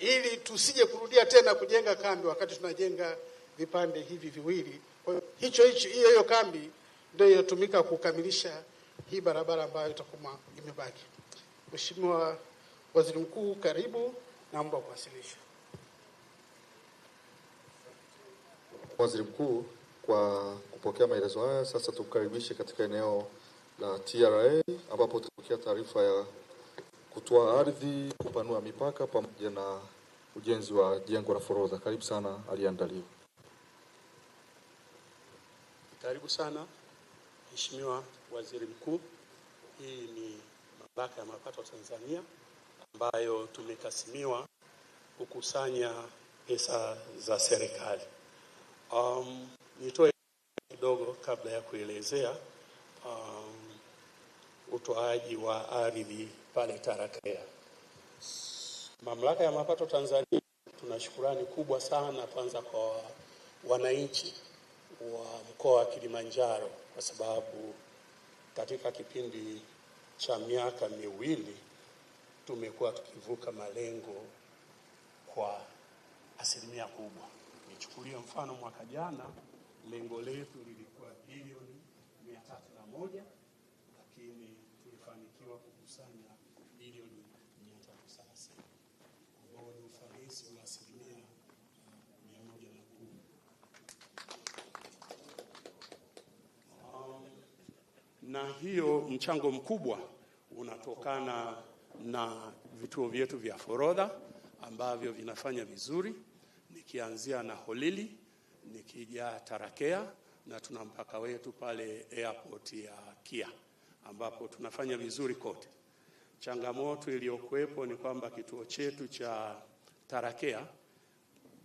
ili tusije kurudia tena kujenga kambi wakati tunajenga vipande hivi viwili. Kwa hicho hicho, hiyo hiyo kambi ndio inatumika kukamilisha hii barabara ambayo itakuwa imebaki. Mheshimiwa Waziri Mkuu, karibu, naomba kuwasilisha. Waziri Mkuu kwa kupokea maelezo haya, sasa tumkaribishe katika eneo la TRA ambapo tutapokea taarifa ya kutoa ardhi, kupanua mipaka pamoja na ujenzi wa jengo la forodha. Karibu sana aliandaliwa. Karibu sana Mheshimiwa Waziri Mkuu, hii ni mamlaka ya mapato Tanzania ambayo tumekasimiwa kukusanya pesa za serikali. Um, nitoe kidogo kabla ya kuelezea um, utoaji wa ardhi pale Tarakea. Mamlaka ya Mapato Tanzania, tuna shukurani kubwa sana kwanza kwa wananchi wa mkoa wa Kilimanjaro kwa sababu katika kipindi cha miaka miwili tumekuwa tukivuka malengo kwa asilimia kubwa. Nichukulie mfano, mwaka jana lengo letu lilikuwa bilioni kukusanya bilioni ambao ni ufanisi wa asilimia uh, um, Na hiyo mchango mkubwa unatokana na vituo vyetu vya forodha ambavyo vinafanya vizuri, nikianzia na Holili nikija Tarakea na tuna mpaka wetu pale airport ya Kia ambapo tunafanya vizuri kote. Changamoto iliyokuwepo ni kwamba kituo chetu cha Tarakea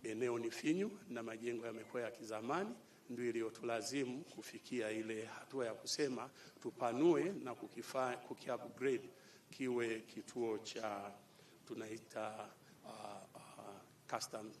eneo ni finyu na majengo yamekuwa ya kizamani, ndio iliyotulazimu kufikia ile hatua ya kusema tupanue na kukifa, kukiupgrade kiwe kituo cha tunaita uh, uh, custom